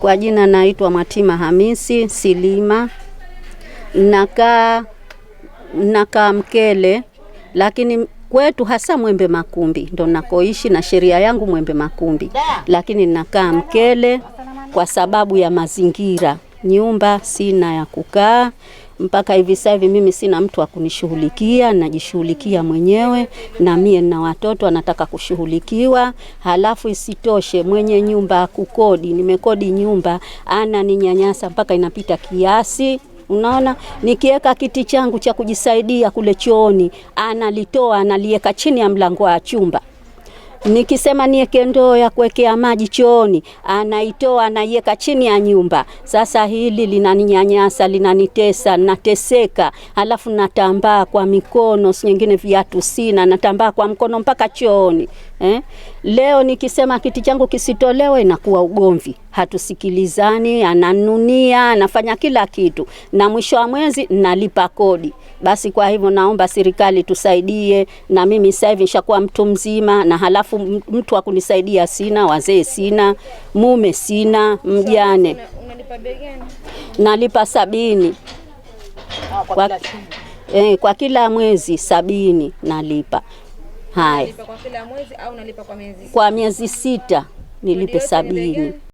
Kwa jina naitwa Mwatima Hamisi Silima, nakaa nakaa Mkele, lakini kwetu hasa Mwembe Makumbi ndo nakoishi na sheria yangu Mwembe Makumbi, lakini nakaa Mkele kwa sababu ya mazingira, nyumba sina ya kukaa mpaka hivi sasa hivi mimi sina mtu wa kunishughulikia, najishughulikia mwenyewe, na mie na watoto anataka kushughulikiwa. Halafu isitoshe mwenye nyumba kukodi, nimekodi nyumba, ana nyanyasa mpaka inapita kiasi. Unaona, nikiweka kiti changu cha kujisaidia kule chooni, analitoa analiweka chini ya mlango wa chumba Nikisema nieke ndoo ya kuwekea maji chooni, anaitoa anaiweka chini ya nyumba. Sasa hili linaninyanyasa, linanitesa, nateseka, alafu natambaa kwa mikono, si nyingine viatu sina, natambaa kwa mkono mpaka chooni eh? Leo nikisema kiti changu kisitolewe inakuwa ugomvi, hatusikilizani, ananunia, anafanya kila kitu, na mwisho wa mwezi nalipa kodi. Basi kwa hivyo naomba serikali tusaidie, na mimi sasa hivi nishakuwa mtu mzima, na halafu mtu wa kunisaidia sina, wazee sina, mume sina, mjane. Unalipa bei gani? Nalipa sabini ah, kwa, eh, kwa kila mwezi sabini nalipa. Haya, kwa miezi sita nilipe sabini.